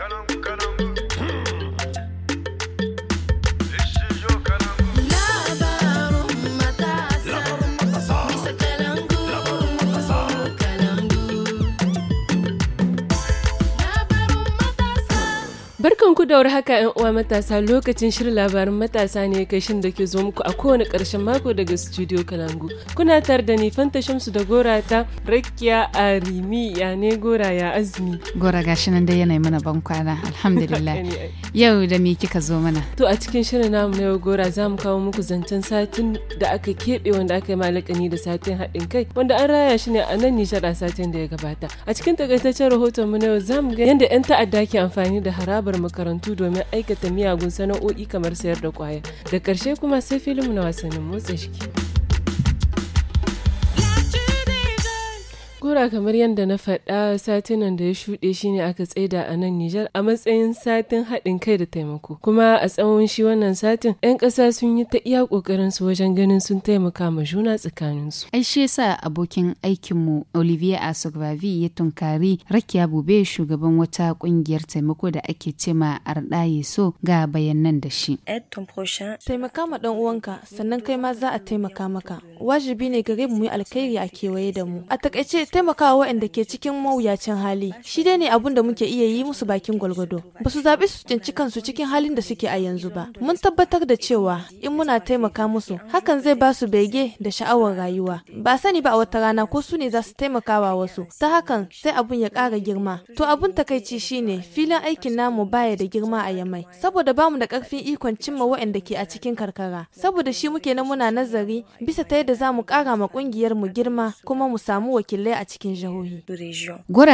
Shalom. Barkan ku da war haka ‘yan uwa matasa lokacin shirin labarin matasa ne kashin da ke zo muku a kowane ƙarshen mako daga studio Kalangu. Kuna tare da ni Fanta Shamsu da Gora ta Rakiya Arimi ya ne Gora ya azumi. Gora ga nan dai yanayi mana ban kwana alhamdulillah. Yau da me kika zo mana? To a cikin shirin namu na yau Gora za mu kawo muku zancen satin da aka keɓe wanda aka yi malakani da satin haɗin kai wanda an raya shi ne a nan Nijar a satin da ya gabata. A cikin takaitaccen rahoton mu na yau za mu ga yadda ‘yan ta'adda ke amfani da haraba babbar makarantu domin aikata miyagun sana'o'i kamar sayar da kwaya da karshe kuma sai filin na wasannin motsa jiki Jagora kamar yadda na faɗa satinan da ya shuɗe shi ne aka tsaida a nan Nijar a matsayin satin haɗin kai da taimako. Kuma a tsawon shi wannan satin 'yan ƙasa sun yi ta iya ƙoƙarin su wajen ganin sun taimaka ma juna tsakaninsu. Ai shi sa abokin aikinmu Olivier Asogbavi ya tunkari Rakiya Bube shugaban wata ƙungiyar taimako da ake ce ma Arɗaye so ga bayanan da shi. Taimaka ma ɗan uwanka sannan kai ma za a taimaka maka. Wajibi ne gare mu yi alkhairi a kewaye da mu. A takaice taimakawa waɗanda ke cikin mawuyacin hali shi dai ne abun da muke iya yi musu bakin gwalgwado ba su zaɓi su cinci kansu cikin halin da suke a yanzu ba mun tabbatar da cewa in muna taimaka musu hakan zai ba su bege da sha'awar rayuwa ba sani ba a wata rana ko su ne za su taimakawa wasu ta hakan sai abun ya ƙara girma to abun takaici shine filin aikin namu baya da girma a yamai saboda bamu da ƙarfin ikon cimma waɗanda ke a cikin karkara saboda shi muke na muna nazari bisa ta yadda za mu ƙara ma ƙungiyar mu girma kuma mu samu wakilai a cikin jihohi.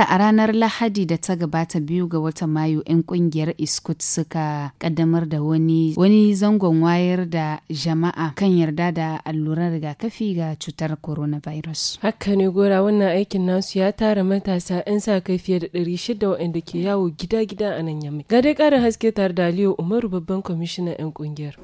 a ranar Lahadi da ta gabata biyu ga watan Mayu 'yan kungiyar Iskut suka kaddamar da wani wani zangon wayar da jama'a kan yarda da alluran rigakafi ga cutar coronavirus. Haka ne gora wannan aikin nasu ya tara matasa 'yan sa kai fiye da ɗari 600 waɗanda ke yawo gida-gida a nan yamma. Ga dai ƙarin haske tare da Aliyu Umaru babban kwamishinan 'yan kungiyar.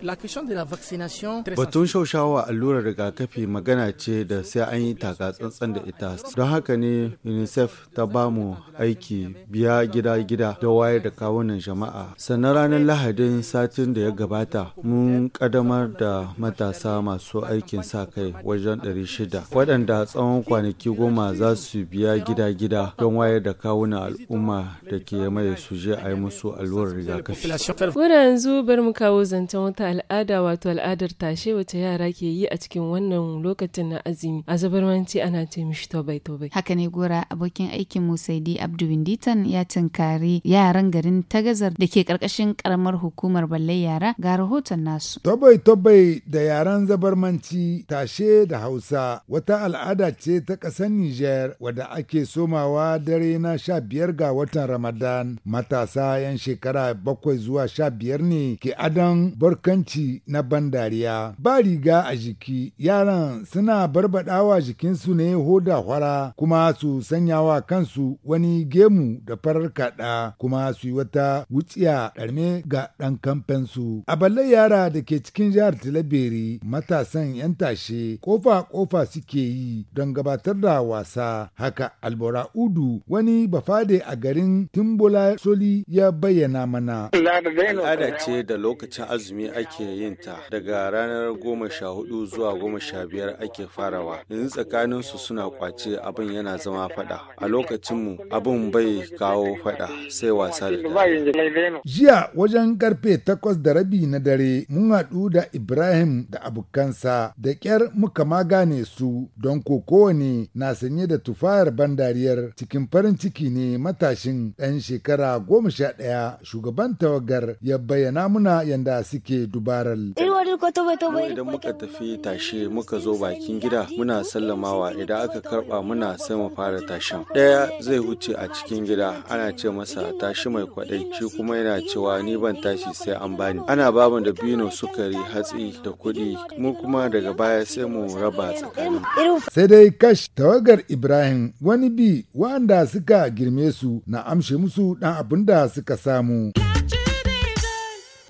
Batun shaushawa allurar rigakafi magana ce da sai an yi taka tsantsan da ita. Don haka ne unicef ta ba mu aiki biya gida-gida da wayar da kawunan jama'a sannan ranar lahadin satin da ya gabata mun kadamar da matasa masu aikin sa kai wajen 600 waɗanda tsawon kwanaki goma za su biya gida-gida don wayar da kawunan al'umma da ke mai suje a yi musu allurar rigakafi. Muna yanzu bar mu kawo zancen wata al'ada wato al'adar tashe wata yara ke yi a cikin wannan lokacin na azumi a zabarmanci ana ce mishi bai to gobe haka ne gora abokin aikin mu saidi abdu winditan ya tunkari yaran garin tagazar da ke karkashin karamar hukumar balle yara ga rahoton nasu tobai-tobai da yaran zabarmanci tashe da hausa wata al'ada ce ta ƙasar niger wadda ake somawa dare na sha biyar ga watan ramadan matasa yan shekara bakwai zuwa sha biyar ne ke adon barkanci na ban dariya. ba riga a jiki yaran suna barbaɗawa jikinsu ne hoda hwara kuma su sanya wa kansu wani gemu da farar kaɗa kuma su yi wata wuciya ɗarme ga ɗan kamfensu. A balle yara da ke cikin jihar Tilaberi matasan 'yan tashe kofa-kofa suke yi don gabatar da wasa haka albora udu wani bafade a garin timbola soli ya bayyana mana. Al'ada ce da lokacin azumi ake yin ta daga ranar goma sha hudu zuwa goma sha biyar ake farawa yanzu tsakaninsu suna kwace abin abin yana zama fada a lokacinmu abin bai kawo fada sai wasa da jiya wajen karfe takwas da rabi na dare mun haɗu da ibrahim da abokansa da ƙyar muka magane su don ko kowane na sanye da tufayar bandariyar cikin farin ciki ne matashin ɗan shekara goma sha ɗaya shugaban tawagar ya bayyana muna yanda suke dubaral eh, idan muka tafi tashe muka zo bakin gida muna sallamawa idan aka karba muna sai mu fara tashin ɗaya zai wuce a cikin gida ana ce masa tashi mai kwaɗai shi kuma yana cewa ni ban tashi sai an bani ana babu da bino sukari hatsi da kuɗi mu kuma daga baya sai mu raba tsakanin sai dai kash tawagar ibrahim wani bi wanda suka girme su na amshe musu dan abin da suka samu.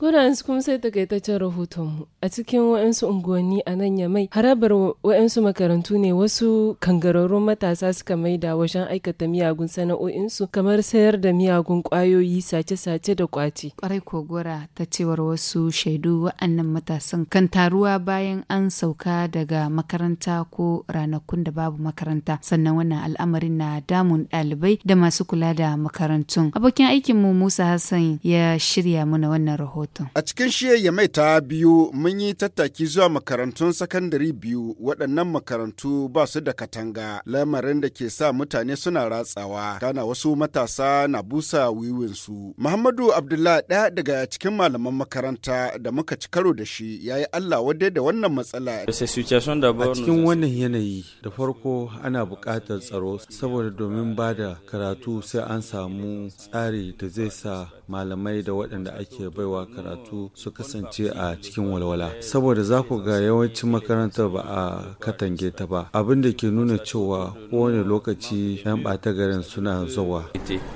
Kudansu kuma sai takaitaccen rahotonmu a cikin wa'ansu unguwanni a nan yamai harabar wa'ansu makarantu ne wasu kangararrun matasa suka maida wajen aikata miyagun sana'o'insu kamar sayar da miyagun kwayoyi sace-sace da kwaci. Kwarai kogora ta cewar wasu shaidu wa'annan matasan kan taruwa bayan an sauka daga makaranta ko ranakun da babu makaranta sannan wannan al'amarin na damun ɗalibai da masu kula da makarantun. Abokin aikinmu Musa Hassan ya shirya mana wannan rahoton. A cikin shiyayya mai ta biyu mun yi tattaki zuwa makarantun sakandare biyu waɗannan makarantu ba su da katanga lamarin da ke sa mutane suna ratsawa kana wasu matasa na busa wiwinsu. Muhammadu Abdullahi ɗaya daga cikin malaman makaranta da muka ci karo da shi ya yi Allah wadai da wannan matsala. A cikin wannan yanayi da farko ana buƙatar tsaro saboda domin ba da karatu sai an samu tsari da zai sa malamai da waɗanda ake baiwa karatu su kasance a cikin walwala saboda za ku ga yawancin makarantar ba a katange ta ba abin da ke nuna cewa kowane lokaci yan bata garin suna zuwa.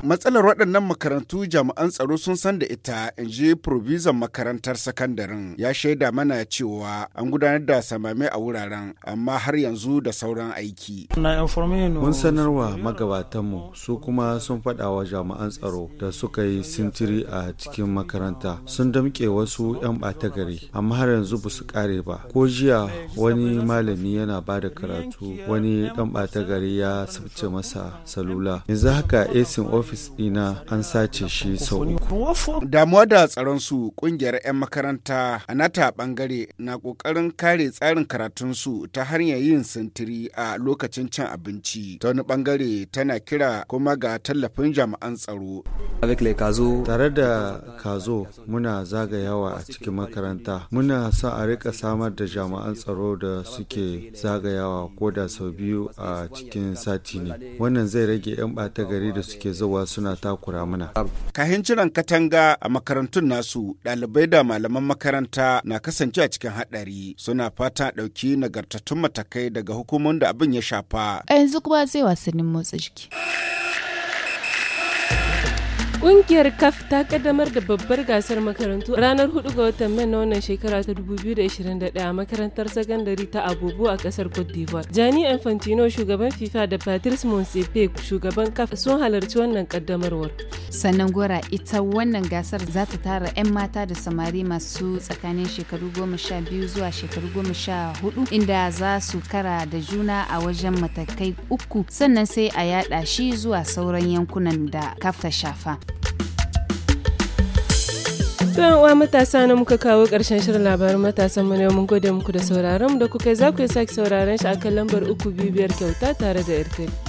matsalar waɗannan makarantu jami'an tsaro sun san da ita in ji provizan makarantar sakandaren ya shaida mana cewa an gudanar da samame a wuraren amma har yanzu da sauran aiki. mun sanarwa magabatanmu su kuma sun faɗa wa jami'an tsaro da suka yi sintiri a cikin makaranta sun damƙe wasu 'yan ɓata gari amma har yanzu ba su ƙare ba ko jiya wani malami yana ba da karatu wani ɗan ɓata gari ya sabce masa salula yanzu haka esin ofis ɗina an sace shi sau uku. damuwa da tsaron su ƙungiyar 'yan makaranta a nata ɓangare na ƙoƙarin kare tsarin karatun su ta hanyar yin sintiri a lokacin cin abinci ta wani ɓangare tana kira kuma ga tallafin jami'an tsaro. tare da kazo muna muna zagayawa a cikin makaranta muna sa a rika samar da jami'an tsaro da suke zagayawa ko da sau biyu a cikin sati ne wannan zai rage 'yan bata gari da suke zuwa suna takura mana kahin jiran katanga a makarantun nasu ɗalibai da malaman makaranta na kasance a cikin haɗari suna fata ɗauki nagartattun matakai daga hukumomin da abin ya shafa a yanzu kuma sai wasannin motsa jiki Ƙungiyar CAF ta kaddamar da babbar gasar makarantu ranar 4 ga watan Mai na wannan shekara ta 2021 a makarantar sakandare ta Abubu a kasar Cote d'Ivoire. Jani Infantino shugaban FIFA da Patrice Monsepe shugaban CAF sun halarci wannan kaddamarwar. Sannan gora ita wannan gasar za ta tara 'yan mata da samari masu tsakanin shekaru 12 zuwa shekaru 14 inda za su kara da juna a wajen matakai uku sannan sai a yada shi zuwa sauran yankunan da CAF ta shafa. Don uwa matasa na muka kawo karshen shirin labarin matasan mu yau mun gode muku da sauraron da kuka yi za ku yi sake sauraron shi a kan lambar uku biyu biyar kyauta tare da Airtel.